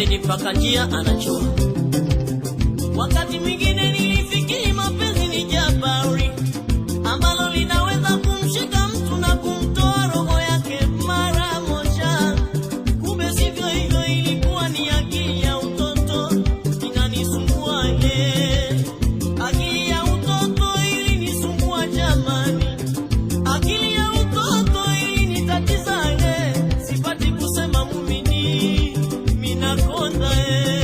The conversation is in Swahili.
pembeni mpaka njia anachoa. Wakati mwingine nilifikiri mapenzi ni jabari ambalo linaweza kumshika mtu na kum sonreír.